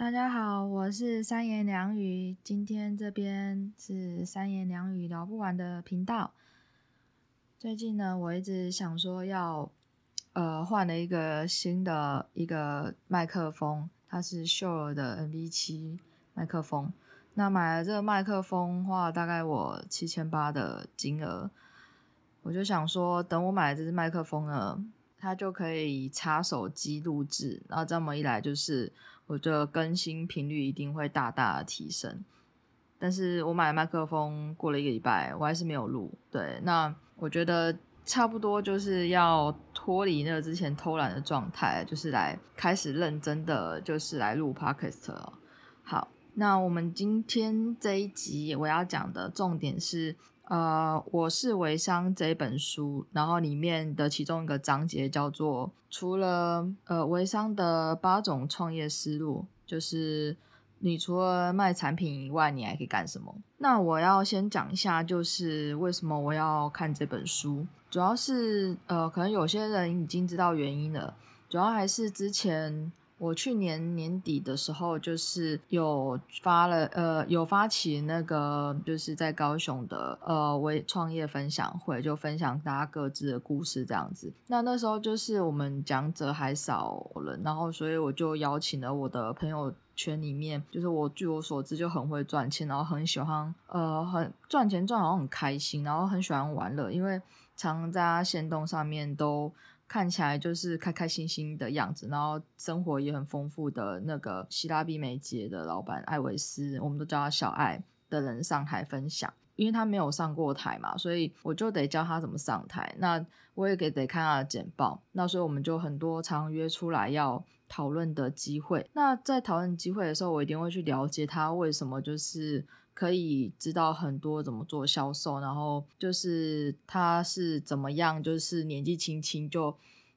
大家好，我是三妍良語。今天這邊是三妍良語聊不完的頻道。最近呢，我一直想說要呃換了一個新的一個麥克風，它是 Shure 的 MV7 麥克風。那買了這個麥克風話，花了大概我七千八的金額，我就想說，等我買了這支麥克風了，它就可以插手機錄製。然後這麼一來就是。我覺得更新頻率一定會大大的提升，但是我買麥克風過了一個禮拜，我還是沒有錄。對，那我覺得差不多就是要脫離那個之前偷懶的狀態，就是來開始認真的，就是來錄 podcast 了。好，那我們今天這一集我要講的重點是，呃，我是微商這本書，然後裡面的其中一個章節叫做“除了呃微商的八種創業思路”，就是你除了賣產品以外，你還可以幹什麼？那我要先講一下，就是為什麼我要看這本書，主要是呃，可能有些人已經知道原因了，主要還是之前。我去年年底的時候，就是有發了，呃，有發起那個就是在高雄的，呃，微創業分享會，就分享大家各自的故事這樣子。那那時候就是我們講者還少了，然後所以我就邀請了我的朋友圈裡面，就是我據我所知就很會賺錢，然後很喜歡，呃，很賺錢賺好像很開心，然後很喜歡玩樂，因為常在限動上面都。看起來就是開開心心的樣子，然後生活也很豐富的那個希拉比美睫的老闆艾維斯，我們都叫他小艾的人上台分享，因為他沒有上過台嘛，所以我就得教他怎麼上台。那我也給得看他的簡報，那所以我們就很多常約出來要討論的機會。那在討論機會的時候，我一定會去了解他為什麼就是。可以知道很多怎麼做銷售，然後就是他是怎麼樣，就是年紀輕輕就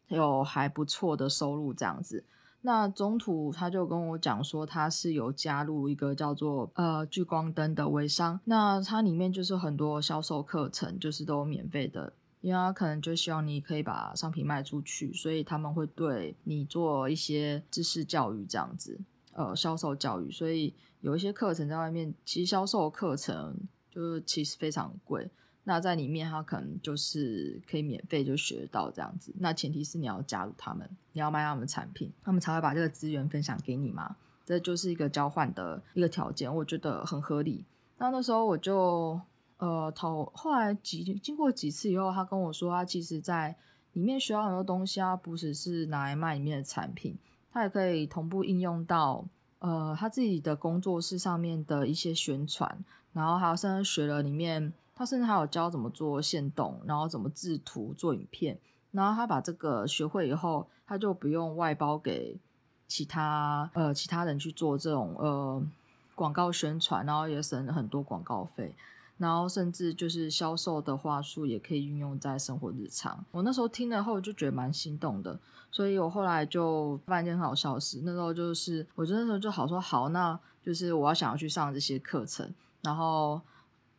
有還不錯的收入這樣子。那中途他就跟我講說，他是有加入一個叫做呃聚光燈的微商，那它裡面就是很多銷售課程，就是都免費的，因為他可能就希望你可以把商品賣出去，所以他們會對你做一些知識教育這樣子。呃，銷售教育，所以有一些課程在外面，其實銷售課程就是其實非常貴。那在裡面，他可能就是可以免費就學到這樣子。那前提是你要加入他們，你要賣他們的產品，他們才會把這個資源分享給你嘛。這就是一個交換的一個條件，我覺得很合理。那那時候我就呃投，後來幾經過幾次以後，他跟我說，他其實在裡面學到很多東西啊，不只是拿來賣裡面的產品。他也可以同步應用到呃他自己的工作室上面的一些宣傳，然後還有甚至學了裡面，他甚至還有教怎麼做限動，然後怎麼製圖做影片。然後他把這個學會以後，他就不用外包給其他呃其他人去做這種呃廣告宣傳，然後也省了很多廣告費。然後甚至就是銷售的話術也可以運用在生活日常。我那時候聽了後就覺得蠻心動的，所以我後來就發現一件很好笑的事。那時候就是，我覺得那時候就好說好，那就是我要想要去上這些課程。然後，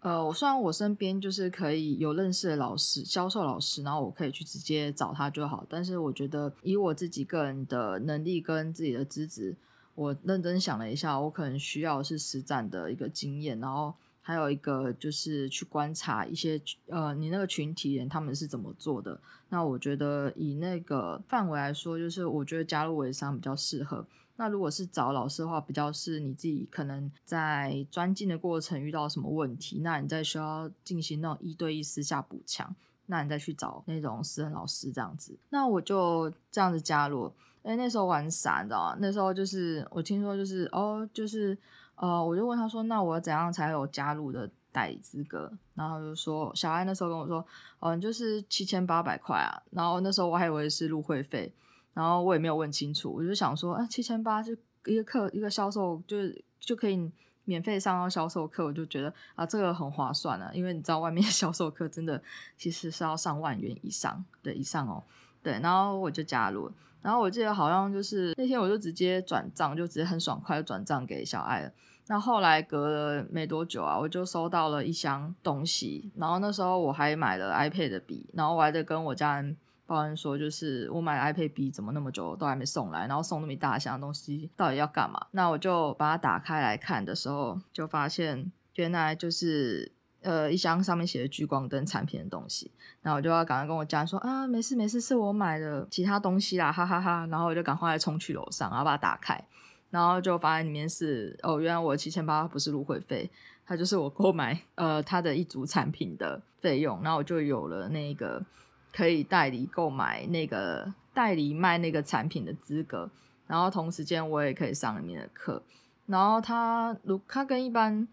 呃，我雖然我身邊就是可以有認識的老師、銷售老師，然後我可以去直接找他就好。但是我覺得以我自己個人的能力跟自己的資質，我認真想了一下，我可能需要是實戰的一個經驗，然後。還有一個就是去觀察一些呃，你那個群體人他們是怎麼做的。那我覺得以那個範圍來說，就是我覺得加入微商比較適合。那如果是找老師的話，比較是你自己可能在專進的過程遇到什麼問題，那你再需要進行那種一對一私下補強，那你再去找那種私人老師這樣子。那我就這樣子加入，因為，欸，那時候玩散的，你知道嗎？那時候就是我聽說就是哦就是。呃，我就問他說，那我怎樣才有加入的代理資格？然後就說小安那時候跟我說，嗯、哦，就是七千八百塊啊。然後那時候我還以為是入會費，然後我也沒有問清楚。我就想說啊，七千八是一個課一個銷售，就是就可以免費上到銷售課，我就覺得啊，這個很划算啊，因為你知道外面銷售課真的其實是要上萬元以上，對，以上哦，對。然後我就加入了。然後我記得好像就是那天，我就直接轉賬，就直接很爽快的轉賬給小艾了。那後來隔了沒多久啊，我就收到了一箱東西。然後那時候我還買了 iPad 的筆，然後我還在跟我家人抱怨說，就是我買 iPad 筆怎麼那麼久都還沒送來，然後送那麼一大箱東西到底要幹嘛？那我就把它打開來看的時候，就發現原來就是。呃，一箱上面寫的聚光燈產品的東西，然後我就要趕快跟我家人說啊，沒事沒事，是我買的其他東西啦，哈哈哈、哈。然後我就趕快衝去樓上，然後把它打開，然後就發現裡面是哦，原來我的七千八不是入會費，它就是我購買呃它的一組產品的費用。然後我就有了那個可以代理購買那個代理賣那個產品的資格。然後同時間我也可以上裡面的課。然後它如它跟一般。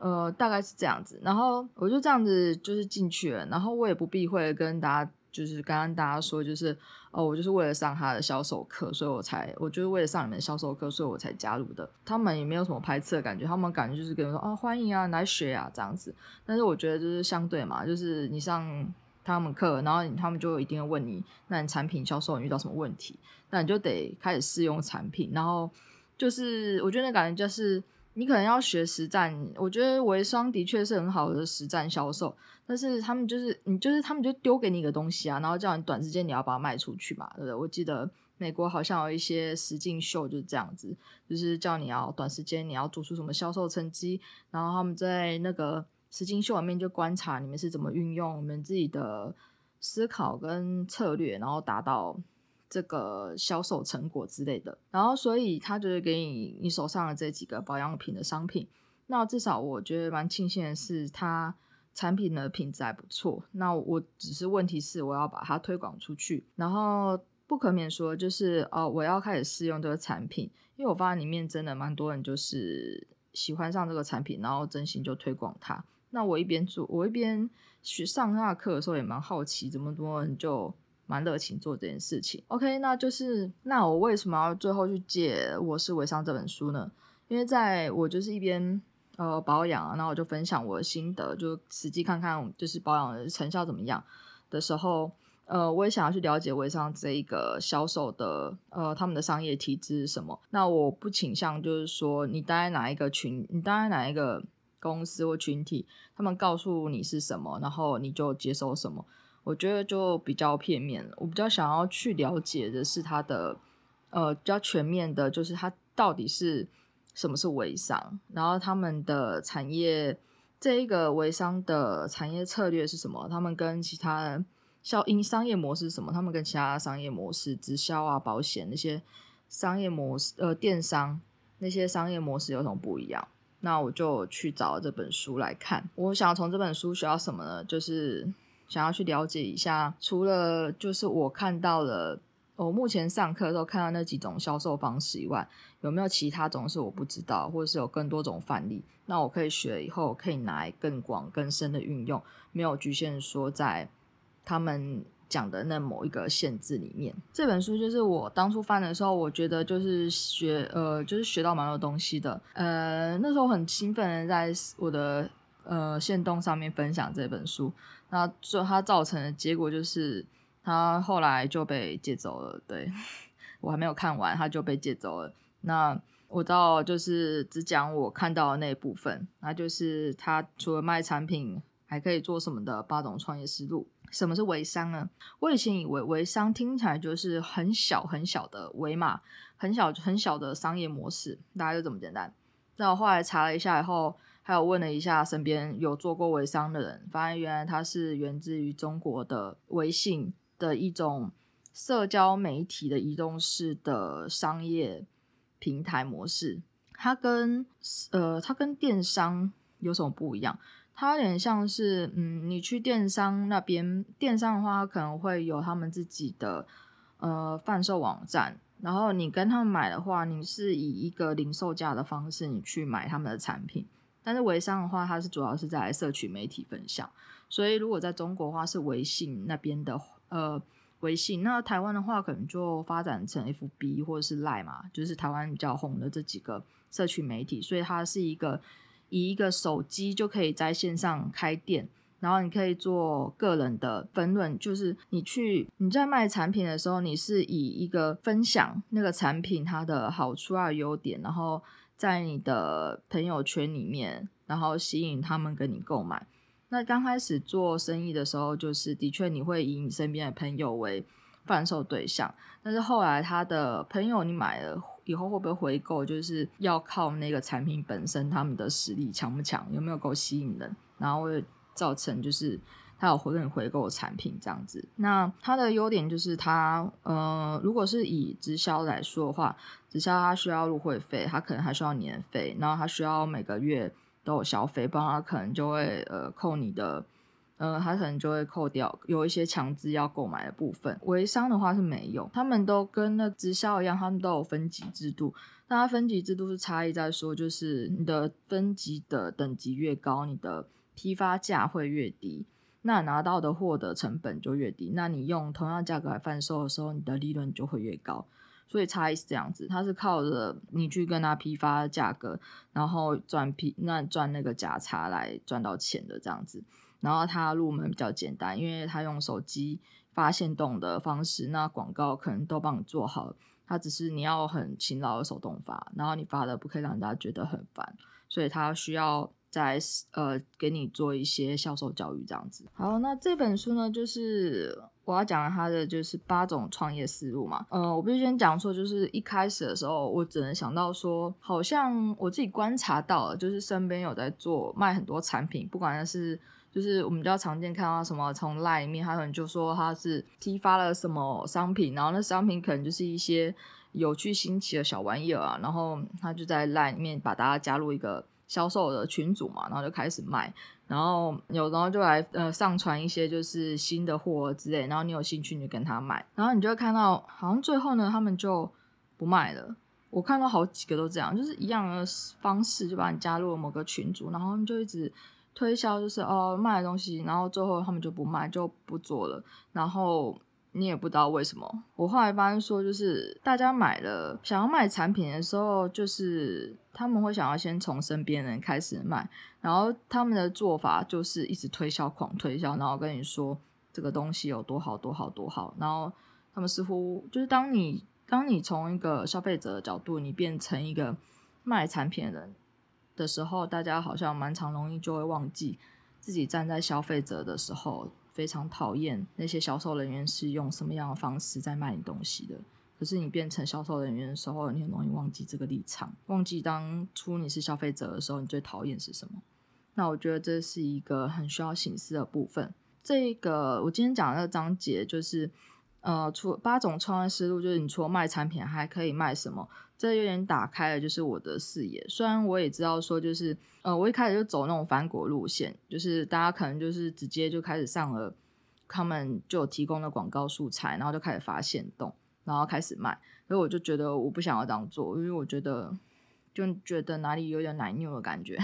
呃，大概是這樣子，然後我就這樣子就是進去了，然後我也不避諱跟大家，就是剛剛大家說，就是哦，我就是為了上他的銷售課，所以我才，我就是為了上你們銷售課，所以我才加入的。他們也沒有什麼排斥的感覺，他們感覺就是跟你說啊、哦，歡迎啊，來學啊這樣子。但是我覺得就是相對嘛，就是你上他們課，然後他們就有一定會問你，那你產品銷售你遇到什麼問題，那你就得開始試用產品，然後就是我覺得那感覺就是。你可能要學實戰，我覺得微商的確是很好的實戰銷售，但是他們就是你就是他們就丟給你一個東西啊，然後叫你短時間你要把它賣出去嘛，對不對？我記得美國好像有一些實境秀就是這樣子，就是叫你要短時間你要做出什麼銷售成績，然後他們在那個實境秀裡面就觀察你們是怎麼運用你們自己的思考跟策略，然後達到。這個銷售成果之類的，然後所以他就是給你你手上的這幾個保養品的商品。那至少我覺得蠻慶幸的是，它產品的品質還不錯。那我只是問題是我要把它推廣出去，然後不可免說就是哦，我要開始試用這個產品，因為我發現裡面真的蠻多人就是喜歡上這個產品，然後真心就推廣它。那我一邊做，我一邊去上那課的時候也蠻好奇，這麼多人就。蠻熱情做這件事情。OK，那就是那我為什麼要最後去解《我是微商》這本書呢？因為在我就是一邊呃保養啊，然後我就分享我的心得，就實際看看就是保養成效怎麼樣的時候，呃，我也想要去了解微商這一個銷售的呃他們的商業體制是什麼。那我不傾向就是說你待哪一個群，你待哪一個公司或群體，他們告訴你是什麼，然後你就接受什麼。我覺得就比較片面，我比較想要去了解的是它的，呃，比較全面的，就是它到底是什麼是微商，然後他們的產業這一個微商的產業策略是什麼？他們跟其他像商業模式是什麼？他們跟其他商業模式，直銷啊、保險那些商業模式，呃，電商那些商業模式有什麼不一樣？那我就去找這本書來看。我想從這本書學到什麼呢？就是。想要去了解一下，除了就是我看到了，我目前上課的時候看到那幾種銷售方式以外，有沒有其他種是我不知道，或者是有更多種範例，那我可以學，以後可以拿來更廣更深的運用，沒有局限說在他們講的那某一個限制裡面。這本書就是我當初翻的時候，我覺得就是學呃就是學到蠻多東西的，呃那時候很興奮的在我的呃限動上面分享這本書。那就他造成的結果就是，他後來就被借走了。對，我還沒有看完，他就被借走了。那我到就是只講我看到的那一部分，那就是他除了賣產品還可以做什麼的八種創業思路。什麼是微商呢？我以前以為微商聽起來就是很小很小的微碼，很小很小的商業模式，大概就這麼簡單。那我後來查了一下以後。還有問了一下身邊有做過微商的人，發現原來他是源自於中國的微信的一種社交媒體的移動式的商業平台模式。它跟呃，它跟電商有什麼不一樣？它有點像是嗯，你去電商那邊，電商的話可能會有他們自己的呃販售網站，然後你跟他們買的話，你是以一個零售價的方式，你去買他們的產品。但是微商的話，它是主要是在社群媒體分享，所以如果在中國的話是微信那邊的，呃，微信。那台灣的話，可能就發展成 FB 或者是 Line 嘛，就是台灣比較紅的這幾個社群媒體。所以它是一個以一個手機就可以在線上開店，然後你可以做個人的分論，就是你去你在賣產品的時候，你是以一個分享那個產品它的好處啊、優點，然後。在你的朋友圈裡面，然後吸引他們跟你購買。那剛開始做生意的時候，就是的確你會以你身邊的朋友為販售對象，但是後來他的朋友你買了以後會不會回購，就是要靠那個產品本身，他們的實力強不強，有沒有夠吸引人，然後會造成就是。他有回給你回購的產品這樣子，那它的優點就是它，呃，如果是以直銷來說的話，直銷它需要入會費，它可能還需要年費，然後它需要每個月都有消費，不然它可能就會呃扣你的，呃，它可能就會扣掉有一些強制要購買的部分。微商的話是沒有，他們都跟那直銷一樣，他們都有分級制度，那它分級制度是差異在說，就是你的分級的等級越高，你的批發價會越低。那拿到的貨的成本就越低，那你用同樣價格來販售的時候，你的利潤就會越高。所以差是這樣子，它是靠着你去跟他批發價格，然後賺批那賺那個價差來賺到錢的這樣子。然後它入門比較簡單，因為它用手機發現動的方式，那廣告可能都幫你做好，它只是你要很勤勞的手動發，然後你發的不可以讓人家覺得很煩，所以它需要。在呃，給你做一些銷售教育這樣子。好，那這本書呢，就是我要講它的，就是八種創業思路嘛。嗯、呃，我必須先講說，就是一開始的時候，我只能想到說，好像我自己觀察到了，就是身邊有在做賣很多產品，不管是就是我們比較常見看到什麼，從 line 裡面，還有人就說他是批發了什麼商品，然後那商品可能就是一些有趣新奇的小玩意兒啊，然後他就在 line 裡面把大家加入一個。銷售的群組嘛，然後就開始賣，然後有然後就來呃上傳一些就是新的貨之類，然後你有興趣你就跟他買，然後你就會看到好像最後呢他們就不賣了，我看到好幾個都這樣，就是一樣的方式就把你加入了某個群組，然後他們就一直推銷就是哦賣的東西，然後最後他們就不賣就不做了，然後。你也不知道為什麼，我後來發現說，就是大家買了想要賣產品的時候，就是他們會想要先從身邊人開始賣，然後他們的做法就是一直推銷狂推銷，然後跟你說這個東西有多好多好多好，然後他們似乎就是當你當你從一個消費者的角度，你變成一個賣產品的人的時候，大家好像蠻常容易就會忘記自己站在消費者的時候。非常討厭那些銷售人員是用什麼樣的方式在賣你東西的。可是你變成銷售人員的時候，你很容易忘記這個立場，忘記當初你是消費者的時候，你最討厭是什麼。那我覺得這是一個很需要醒思的部分。這個我今天講的那章節就是。呃，除八種創業思路，就是你除了賣產品還可以賣什麼？這有點打開了，就是我的視野。雖然我也知道說，就是呃，我一開始就走那種反果路線，就是大家可能就是直接就開始上了他們就提供的廣告素材，然後就開始發現動，然後開始賣。所以我就覺得我不想要這樣做，因為我覺得就覺得哪裡有點彆扭的感覺，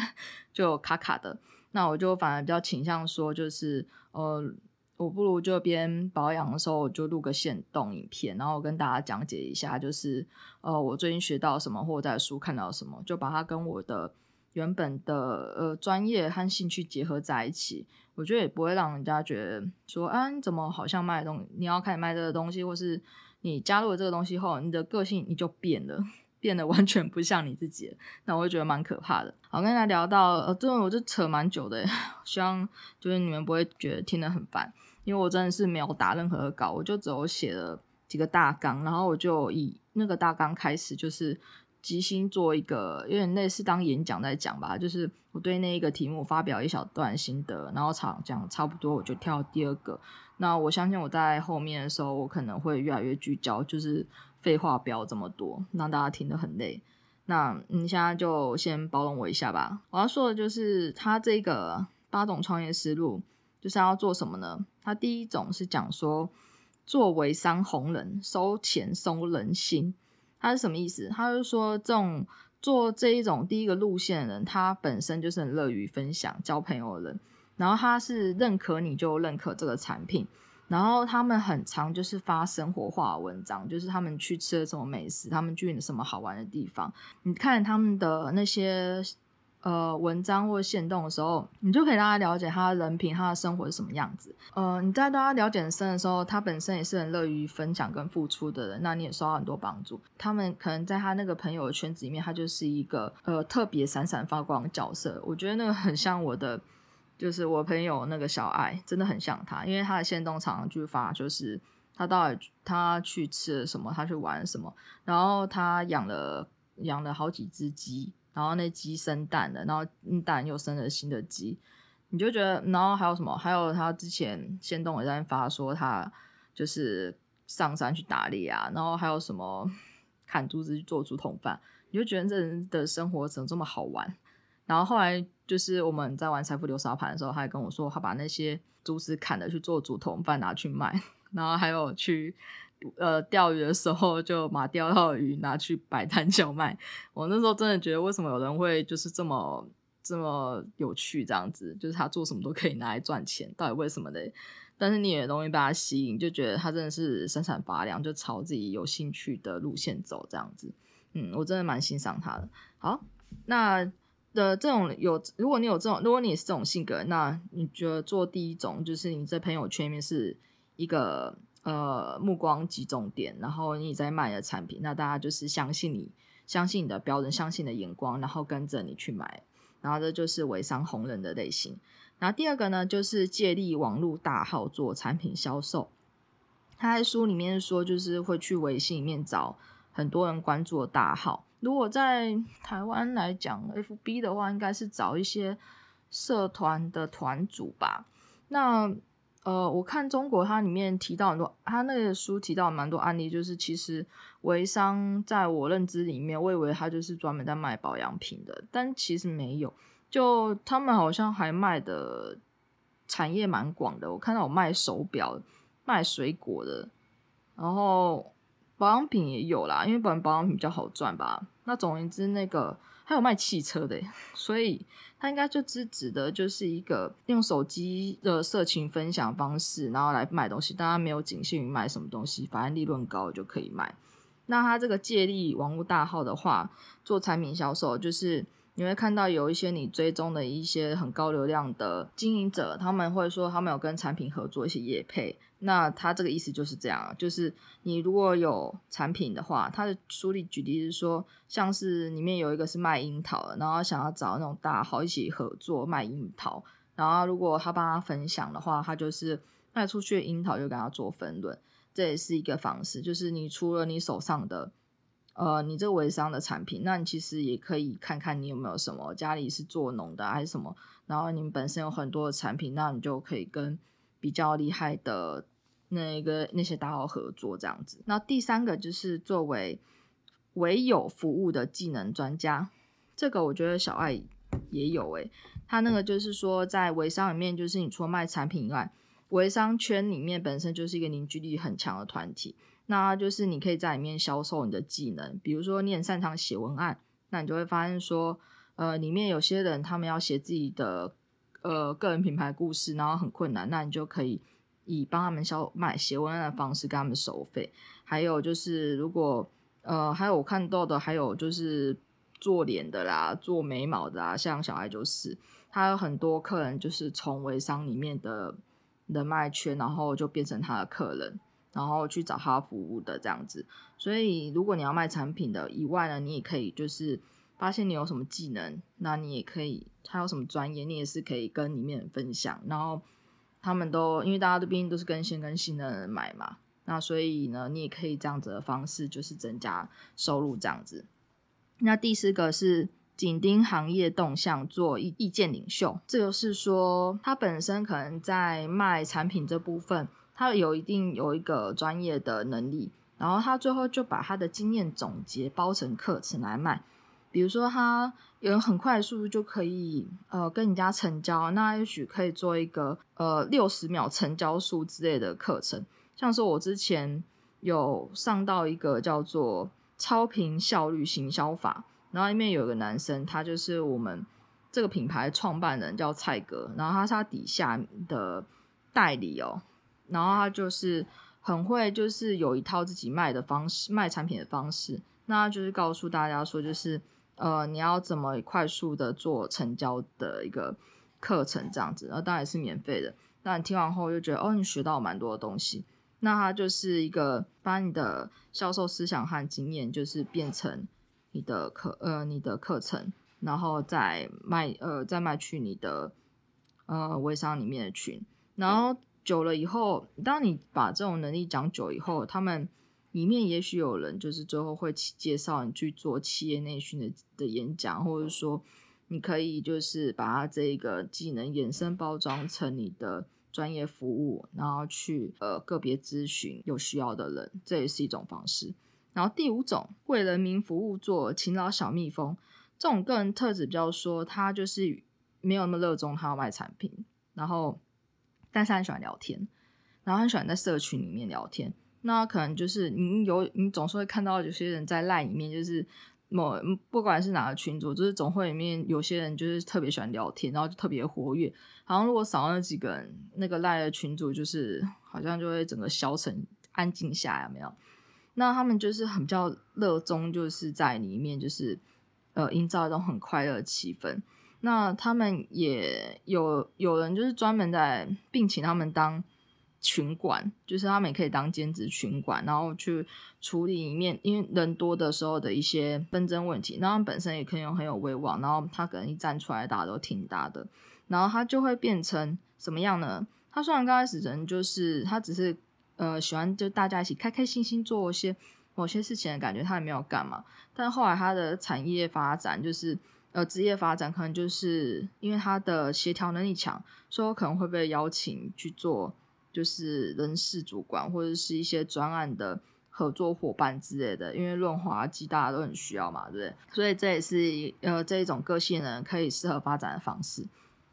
就卡卡的。那我就反而比較傾向說，就是呃。我不如就邊保養的時候，我就錄個限動影片，然後我跟大家講解一下，就是呃，我最近學到什麼，或者在書看到什麼，就把它跟我的原本的呃專業和興趣結合在一起。我覺得也不會讓人家覺得說，啊，你怎麼好像賣的東西，你要開始賣這個東西，或是你加入了這個東西後，你的個性你就變了，變得完全不像你自己。那我會覺得蠻可怕的。好，跟大家聊到呃，這種我就扯蠻久的，希望就是你們不會覺得聽得很煩，因為我真的是沒有打任何的稿，我就只有寫了幾個大綱，然後我就以那個大綱開始，就是即興做一個有點類似當演講在講吧，就是我對那一個題目發表一小段心得，然後講講差不多，我就跳第二個。那我相信我在後面的時候，我可能會越來越聚焦，就是廢話不要這麼多，讓大家聽得很累。那你現在就先包容我一下吧。我要說的就是他這個八種創業思路。就是要做什麼呢？他第一種是講說，做微商紅人收錢收人心，他是什麼意思？他就說這種做這一種第一個路線的人，他本身就是很樂於分享、交朋友的人，然後他是認可你就認可這個產品，然後他們很常就是發生活化文章，就是他們去吃了什麼美食，他們去什麼好玩的地方，你看他們的那些。呃，文章或限動的時候，你就可以讓他了解他人品、他的生活是什麼樣子。呃，你在跟他了解生的時候，他本身也是很樂於分享跟付出的人，那你也收到很多幫助。他們可能在他那個朋友圈子裡面，他就是一個呃特別閃閃發光的角色。我覺得那個很像我的，就是我朋友那個小愛，真的很像他，因為他的限動常常就發，就是他到底他去吃了什麼，他去玩什麼，然後他養了養了好幾隻雞。然後那雞生蛋的，然後蛋又生了新的雞，你就覺得，然後還有什麼？還有他之前限動也在發說他就是上山去打獵啊，然後還有什麼砍竹子去做竹筒飯，你就覺得這人的生活怎麼這麼好玩？然後後來就是我們在玩財富流沙盤的時候，他還跟我說他把那些竹子砍了去做竹筒飯拿去賣，然後還有去。呃，釣魚的時候就把釣到的魚拿去擺攤叫賣。我那時候真的覺得，為什麼有人會就是這麼這麼有趣，這樣子，就是他做什麼都可以拿來賺錢，到底為什麼嘞？但是你也容易被他吸引，就覺得他真的是生產發糧，就朝自己有興趣的路線走這樣子。嗯，我真的蠻欣賞他的。好，那的這種有，如果你有這種，如果你是這種性格，那你覺得做第一種，就是你在朋友圈裡面是一個。呃，目光集中點，然後你在賣的產品，那大家就是相信你，相信你的標準，相信你的眼光，然後跟着你去買，然後這就是微商紅人的類型。然後第二個呢，就是借力網絡大號做產品銷售。他在書裡面說，就是會去微信裡面找很多人關注的大號。如果在台灣來講，FB 的話，應該是找一些社團的團主吧。那。呃，我看中國，它裡面提到很多，它那個書提到蠻多案例，就是其實微商在我認知裡面，我以為他就是專門在賣保養品的，但其實沒有，就他們好像還賣的產業蠻廣的。我看到有賣手錶、賣水果的，然後保養品也有啦，因為本來保養品比較好賺吧。那總言之，那個還有賣汽車的、欸，所以。那應該就只指的，就是一個用手機的社群分享方式，然後來賣東西。當然沒有僅限於賣什麼東西，反正利潤高就可以賣。那他這個借力網絡大號的話，做產品銷售就是。你會看到有一些你追蹤的一些很高流量的經營者，他們會說他們有跟產品合作一些業配。那他這個意思就是這樣，就是你如果有產品的話，他的書裡舉例是說，像是裡面有一個是賣櫻桃的，然後想要找那種大號一起合作賣櫻桃，然後如果他幫他分享的話，他就是賣出去櫻桃就跟他做分潤，這也是一個方式，就是你除了你手上的。呃，你這個微商的產品，那你其實也可以看看你有沒有什麼家裡是做農的還是什麼，然後你們本身有很多的產品，那你就可以跟比較厲害的那一個那些大佬合作這樣子。那第三個就是作為微友服務的技能專家，這個我覺得小愛也有誒、欸，他那個就是說在微商裡面，就是你除了賣產品以外，微商圈裡面本身就是一個凝聚力很強的團體。那就是你可以在裡面銷售你的技能，比如說你很擅長寫文案，那你就會發現說，呃，裡面有些人他們要寫自己的呃個人品牌故事，然後很困難，那你就可以以幫他們銷賣，寫文案的方式跟他們收費。還有就是如果呃還有我看到的還有就是做臉的啦，做眉毛的啦，像小艾就是，他有很多客人就是從微商裡面的人脈圈，然後就變成他的客人。然後去找他服務的這樣子，所以如果你要賣產品的以外呢，你也可以就是發現你有什麼技能，那你也可以他有什麼專業，你也是可以跟裡面分享。然後他們都因為大家都畢竟都是更新跟新的人買嘛，那所以呢，你也可以這樣子的方式就是增加收入這樣子。那第四個是緊盯行業動向，做意意見領袖，這就是說他本身可能在賣產品這部分。他有一定有一個專業的能力，然後他最後就把他的經驗總結包成課程來賣。比如說，他有很快的速度就可以呃跟人家成交，那也許可以做一個呃六十秒成交術之類的課程。像是我之前有上到一個叫做超頻效率行銷法，然後裡面有一個男生，他就是我們這個品牌創辦人叫蔡哥，然後他是他底下的代理哦。然後他就是很會，就是有一套自己賣的方式，賣產品的方式。那他就是告訴大家說，就是呃，你要怎麼快速的做成交的一個課程，這樣子。然後當然也是免費的。那你聽完後又覺得，哦，你學到蠻多的東西。那他就是一個把你的銷售思想和經驗，就是變成你的課呃，你的課程，然後再賣呃，再賣去你的呃微商裡面的群，然後。久了以後，當你把這種能力講久以後，他們裡面也許有人就是最後會介紹你去做企業內訓的的演講，或者說你可以就是把他這一個技能延伸包裝成你的專業服務，然後去呃個別諮詢有需要的人，這也是一種方式。然後第五種為人民服務，做勤勞小蜜蜂，這種個人特質比較說，他就是沒有那麼熱衷他要賣產品，然後。但是很喜歡聊天，然後很喜歡在社群裡面聊天。那可能就是你有，你總是會看到有些人在賴裡面，就是某不管是哪個群組，就是總會裡面有些人就是特別喜歡聊天，然後就特別活躍。好像如果少了那幾個人，那個賴的群組就是好像就會整個消沉、安靜下來，有沒有。那他們就是很比較熱衷，就是在裡面就是呃營造一種很快樂的氣氛。那他們也有有人就是專門在聘請他們當群管，就是他們也可以當兼職群管，然後去處理一面，因為人多的時候的一些紛爭問題。然後他們本身也可以很有威望，然後他可能一站出來，大家都挺大的。然後他就會變成什麼樣呢？他雖然剛開始人就是他只是呃喜歡就大家一起開開心心做一些某些事情的感覺，他也沒有幹嘛。但後來他的產業發展就是。呃，職業發展可能就是因為他的協調能力強，所以可能會被邀請去做，就是人事主管或者是一些專案的合作夥伴之類的。因為潤滑劑大家都很需要嘛，對不對？所以這也是呃這一種個性呢，可以適合發展的方式。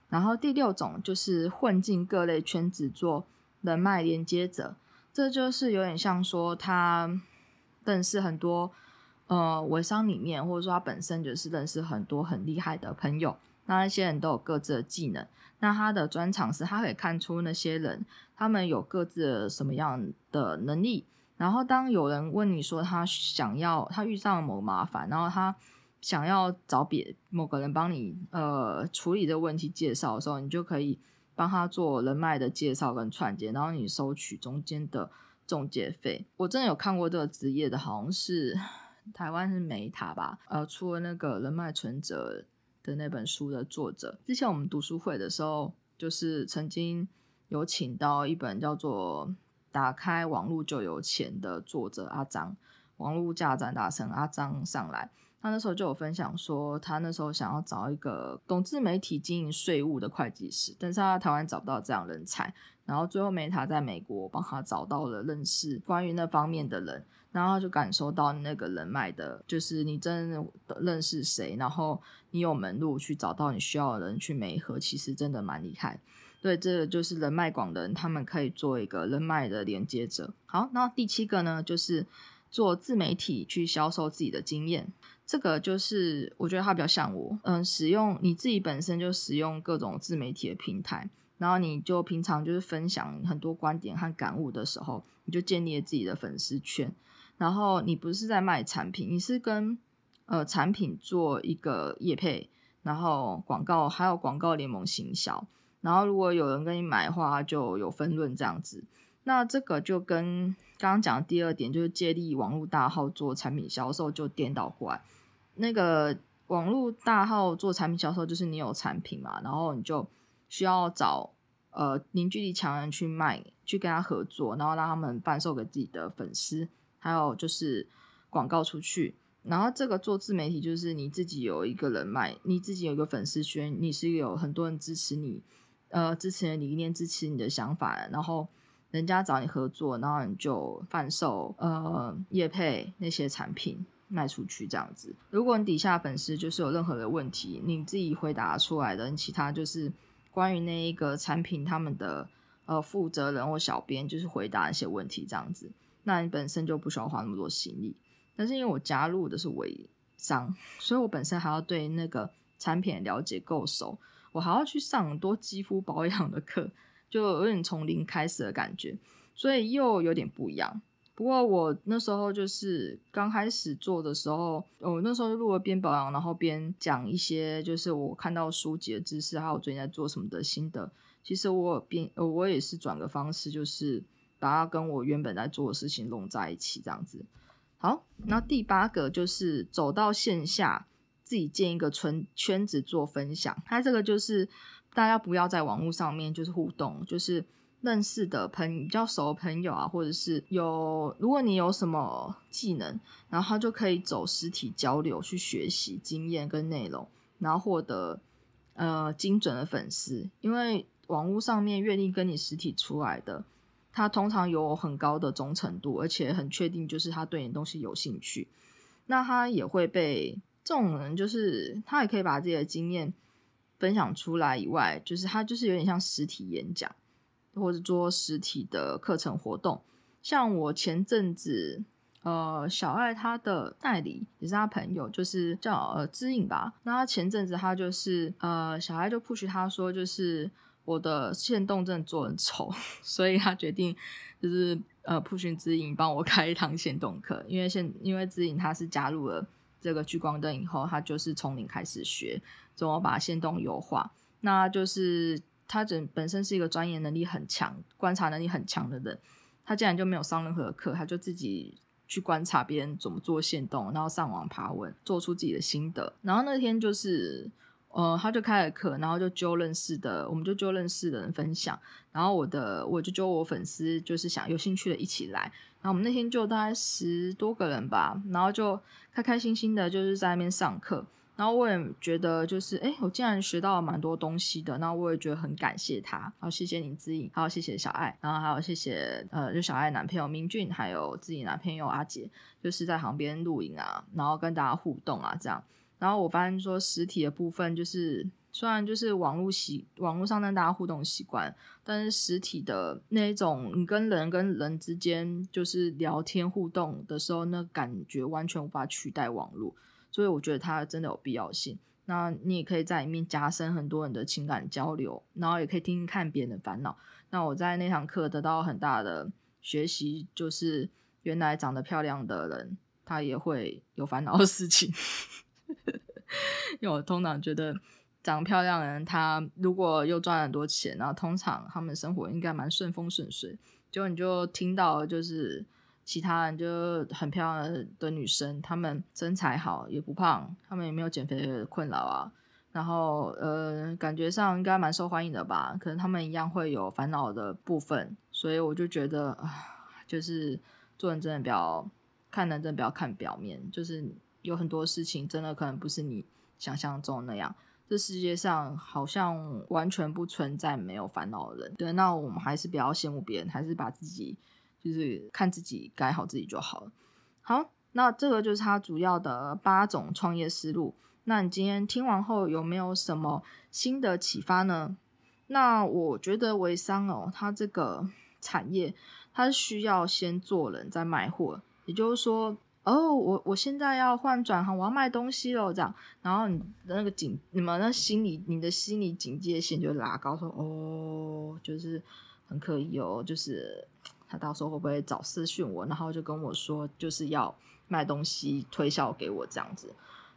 然後第六種就是混進各類圈子做人脈連接者，這就是有點像說他認識很多。呃，微商裡面，或者說他本身就是認識很多很厲害的朋友，那那些人都有各自的技能，那他的專長是他可以看出那些人他們有各自的什麼樣的能力。然後當有人問你說他想要他遇上了某麻煩，然後他想要找別某個人幫你呃處理這個問題介紹的時候，你就可以幫他做人脈的介紹跟串接，然後你收取中間的中介費。我真的有看過這個職業的，好像是。台灣是梅塔吧，呃，除了那個人脈存折的那本書的作者，之前我們讀書會的時候，就是曾經有請到一本叫做《打開網絡就有錢》的作者阿張，網絡駕展大神阿張上來，他那時候就有分享說，他那時候想要找一個懂自媒體經營稅務的會計師，但是他在台灣找不到這樣人才。然後最後，Meta 在美國幫他找到了認識關於那方面的人，然後就感受到那個人脈的，就是你真的認識誰，然後你有門路去找到你需要的人去媒合，其實真的蠻厲害。對，這個就是人脈廣的人，他們可以做一個人脈的連接者。好，那第七個呢，就是做自媒體去銷售自己的經驗。這個就是我覺得他比較像我，嗯，使用你自己本身就使用各種自媒體的平台。然後你就平常就是分享很多觀點和感悟的時候，你就建立了自己的粉絲圈。然後你不是在賣產品，你是跟呃產品做一個業配，然後廣告還有廣告聯盟行銷。然後如果有人跟你買的話，就有分潤這樣子。那這個就跟剛剛講的第二點，就是借力網絡大號做產品銷售就顛倒過來。那個網絡大號做產品銷售，就是你有產品嘛，然後你就需要找呃凝聚力強人去賣，去跟他合作，然後讓他們販售給自己的粉絲，還有就是廣告出去。然後這個做自媒體就是你自己有一個人脈，你自己有一個粉絲圈，你是有很多人支持你，呃，支持你，你一念支持你的想法，然後人家找你合作，然後你就販售呃業配那些產品賣出去這樣子。如果你底下粉絲就是有任何的問題，你自己回答出來的，你其他就是。關於那一個產品，他們的呃負責人或小編就是回答一些問題這樣子，那你本身就不需要花那麼多心力。但是因為我加入的是微商，所以我本身還要對那個產品的了解夠熟，我還要去上很多肌膚保養的課，就有點從零開始的感覺，所以又有點不一樣。不過我那時候就是剛開始做的時候，我那時候錄了邊保養，然後邊講一些就是我看到書籍的知識，還有我最近在做什麼的心得。其實我有邊呃，我也是轉個方式，就是把它跟我原本在做的事情融在一起這樣子。好，然後第八個就是走到線下，自己建一個純圈子做分享。它這個就是大家不要在網絡上面就是互動，就是。認識的朋友，比較熟的朋友啊，或者是有，如果你有什麼技能，然後他就可以走實體交流去學習經驗跟內容，然後獲得呃精準的粉絲。因為網絡上面願意跟你實體出來的，他通常有很高的忠誠度，而且很確定就是他對你東西有興趣。那他也會被這種人，就是他也可以把自己的經驗分享出來以外，就是他就是有點像實體演講。或者做實體的課程活動，像我前陣子，呃，小艾他的代理也是他朋友，就是叫呃知影吧。那他前陣子他就是呃小艾就 push 他說，就是我的限動真的做得很醜，所以他決定就是呃 push 知影幫我開一堂限動課，因為現因為知影他是加入了這個聚光燈以後，他就是從零開始學怎麼把限動優化，那就是。他整本身是一個專業能力很強、觀察能力很強的人，他竟然就沒有上任何課，他就自己去觀察別人怎麼做限動，然後上網爬文，做出自己的心得。然後那天就是，呃，他就開了課，然後就揪認識的，我們就揪認識的人分享。然後我的我就揪我粉絲，就是想有興趣的一起來。然後我們那天就大概十多個人吧，然後就開開心心的，就是在那邊上課。然後我也覺得就是，誒、欸、我竟然學到了蠻多東西的。然後我也覺得很感謝他。好，謝謝你指引。好，謝謝小艾。然後還有謝謝，呃，就小艾男朋友明俊，還有自己男朋友阿杰，就是在旁邊錄影啊，然後跟大家互動啊，這樣。然後我發現說，實體的部分，就是雖然就是網絡習網絡上讓大家互動習慣，但是實體的那一種你跟人跟人之間就是聊天互動的時候，那感覺完全無法取代網絡。所以我覺得它真的有必要性。那你也可以在裡面加深很多人的情感交流，然後也可以聽聽看別人的煩惱。那我在那堂課得到很大的學習，就是原來長得漂亮的人，他也會有煩惱的事情。 因為我通常覺得長得漂亮的人，他如果又賺很多錢，然後通常他們生活應該蠻順風順水。就你就聽到就是。其他人就很漂亮的女生，她們身材好也不胖，她們也沒有減肥的困擾啊。然後呃，感覺上應該蠻受歡迎的吧？可能她們一樣會有煩惱的部分，所以我就覺得，就是做人真的比較看人，真的比較看表面，就是有很多事情真的可能不是你想象中那樣。這世界上好像完全不存在沒有煩惱的人。對，那我們還是不要羨慕別人，還是把自己。就是看自己改好自己就好了。好，那這個就是他主要的八種創業思路。那你今天聽完後有沒有什麼新的啟發呢？那我覺得微商哦，它這個產業，它需要先做人再賣貨。也就是說，哦，我我現在要換轉行，我要賣東西了，這樣。然後你的那個警，你們那心理，你的心理警戒線就拉高說，說哦，就是很可以哦，就是。他到時候會不會找私訊我，然後就跟我說，就是要賣東西推銷給我這樣子？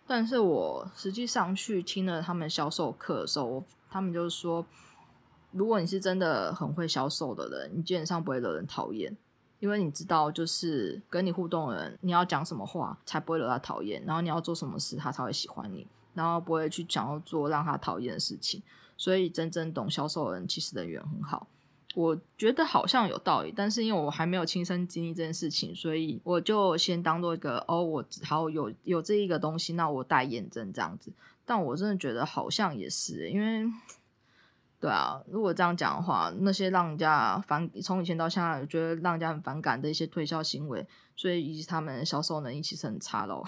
但是我實際上去聽了他們銷售課的時候，他們就是說，如果你是真的很會銷售的人，你基本上不會惹人討厭，因為你知道就是跟你互動的人，你要講什麼話才不會惹他討厭，然後你要做什麼事他才會喜歡你，然後不會去想要做讓他討厭的事情。所以真正懂銷售的人其實人緣很好。我覺得好像有道理，但是因為我還沒有親身經歷這件事情，所以我就先當做一個哦，我只好有有這一個東西，那我待驗證這樣子。但我真的覺得好像也是，因為對啊，如果這樣講的話，那些讓人家反，從以前到現在，我覺得讓人家很反感的一些推銷行為，所以以及他們銷售能力其實很差咯。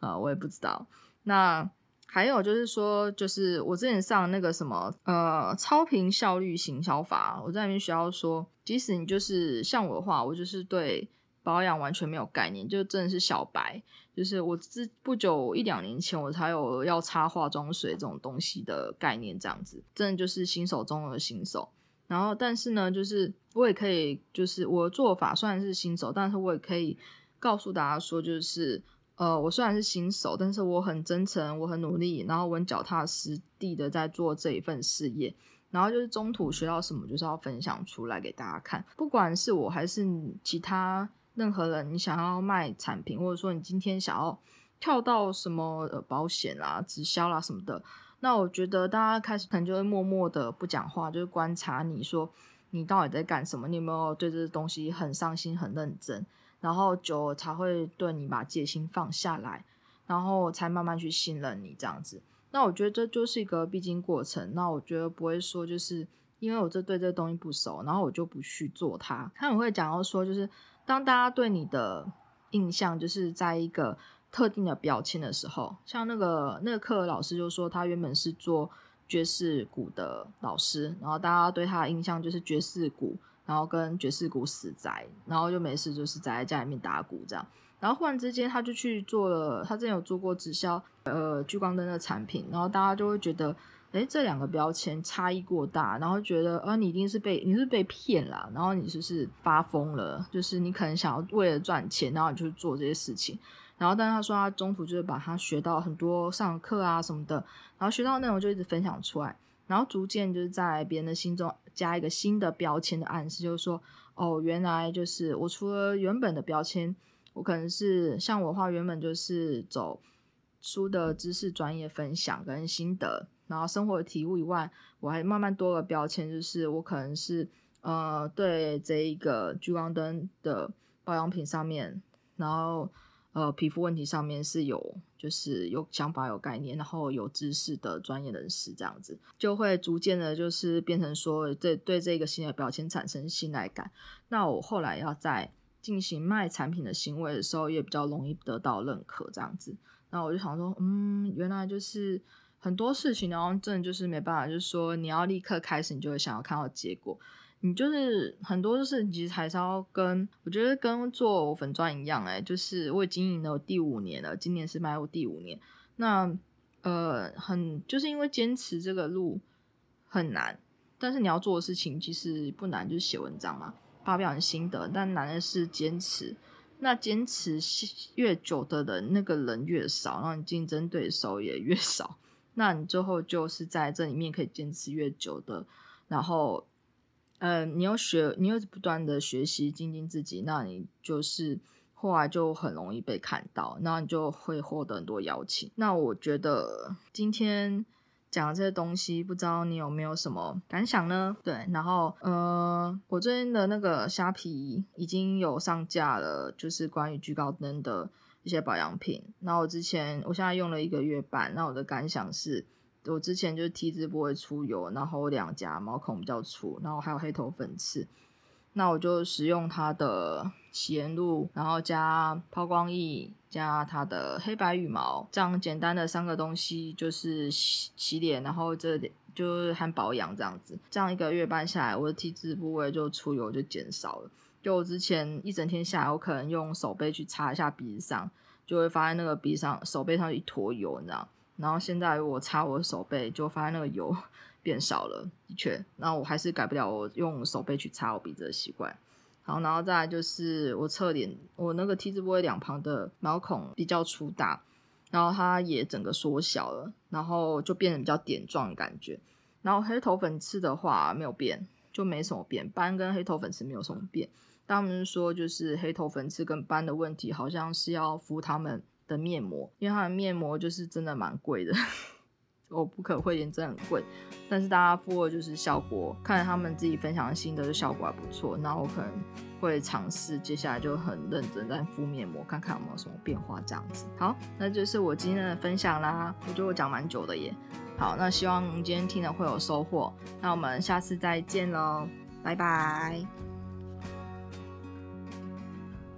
啊， 我也不知道。那。還有就是說，就是我之前上那個什麼呃超頻效率行銷法，我在那邊學到說，即使你就是像我的話，我就是對保養完全沒有概念，就真的是小白。就是我之不久一兩年前，我才有要擦化妝水這種東西的概念，這樣子，真的就是新手中的新手。然後，但是呢，就是我也可以，就是我做法算是新手，但是我也可以告訴大家說，就是。呃，我雖然是新手，但是我很真誠，我很努力，然後我很腳踏實地的在做這一份事業。然後就是中途學到什麼，就是要分享出來給大家看。不管是我還是其他任何人，你想要賣產品，或者說你今天想要跳到什麼、呃、保險啊、直銷啦、啊、什麼的，那我覺得大家開始可能就會默默的不講話，就是觀察你說你到底在幹什麼，你有沒有對這個東西很上心、很認真。然後久了才會對你把戒心放下來，然後才慢慢去信任你這樣子。那我覺得這就是一個必經過程。那我覺得不會說就是因為我這對這東西不熟，然後我就不去做它。他也會講到說，就是當大家對你的印象就是在一個特定的表情的時候，像那個那個課的老師就說他原本是做爵士鼓的老師，然後大家對他的印象就是爵士鼓。然後跟爵士鼓死宅，然後就沒事，就是宅在家裡面打鼓這樣。然後忽然之間，他就去做了，他之前有做過直銷，呃，聚光燈的產品。然後大家就會覺得，哎，這兩個標籤差異過大，然後覺得，呃，你一定是被你是被騙了，然後你就是,是發瘋了，就是你可能想要為了賺錢，然後你就做這些事情。然後，但是他說他中途就是把他學到很多上課啊什麼的，然後學到內容就一直分享出來。然後逐漸就是在別人的心中加一個新的標籤的暗示，就是說，哦，原來就是我除了原本的標籤，我可能是像我的話原本就是走書的知識、專業分享跟心得，然後生活的體悟以外，我還慢慢多了標籤，就是我可能是呃對這一個聚光燈的保養品上面，然後，呃，皮膚問題上面是有，就是有想法、有概念，然後有知識的專業人士這樣子，就會逐漸的，就是變成說對，對對這個新的標籤產生信賴感。那我後來要在進行賣產品的行為的時候，也比較容易得到認可這樣子。那我就想說，嗯，原來就是很多事情，然後真的就是沒辦法，就是說你要立刻開始，你就會想要看到結果。你就是很多就是其實微商跟我覺得跟做粉專一樣誒、欸、就是我經營的第五年了，今年是邁入第五年。那呃很就是因為堅持這個路很難，但是你要做的事情其實不難，就是寫文章嘛，發表你心得。但難的是堅持。那堅持越久的人，那個人越少，然後你競爭對手也越少。那你最後就是在這裡面可以堅持越久的，然後。呃，你要學，你要不斷的學習，精進自己，那你就是後來就很容易被看到，那你就會獲得很多邀請。那我覺得今天講的這些東西，不知道你有沒有什麼感想呢？對，然後呃，我最近的那個蝦皮已經有上架了，就是關於聚高燈的一些保養品。那我之前，我現在用了一個月半，那我的感想是。我之前就是 T 字部位出油，然後兩頰毛孔比較粗，然後還有黑頭粉刺。那我就使用它的洗顏露，然後加拋光液，加它的黑白羽毛，這樣簡單的三個東西就是洗洗臉，然後這就是還保養這樣子。這樣一個月半下來，我的 T 字部位就出油就減少了。就我之前一整天下來，我可能用手背去擦一下鼻子上，就會發現那個鼻子上，手背上一坨油，你知道？然後現在如果我擦我的手背，就發現那個油變少了，的確。那我還是改不了我用手背去擦我鼻子的習慣。好，然後，然後再來就是我側臉，我那個 T 字部位兩旁的毛孔比較粗大，然後它也整個縮小了，然後就變得比較點狀的感覺。然後黑頭粉刺的話沒有變，就沒什麼變。斑跟黑頭粉刺沒有什麼變。他們說就是黑頭粉刺跟斑的問題，好像是要敷他們的面膜，因為它的面膜就是真的蠻貴的， 我不可諱言，真的很貴，但是大家敷了就是效果，看了他們自己分享的心得就效果還不錯，那我可能會嘗試，接下來就很認真在敷面膜，看看有沒有什麼變化這樣子。好，那就是我今天的分享啦，我覺得我講蠻久的耶。好，那希望今天聽了會有收穫，那我們下次再見嘍，拜拜。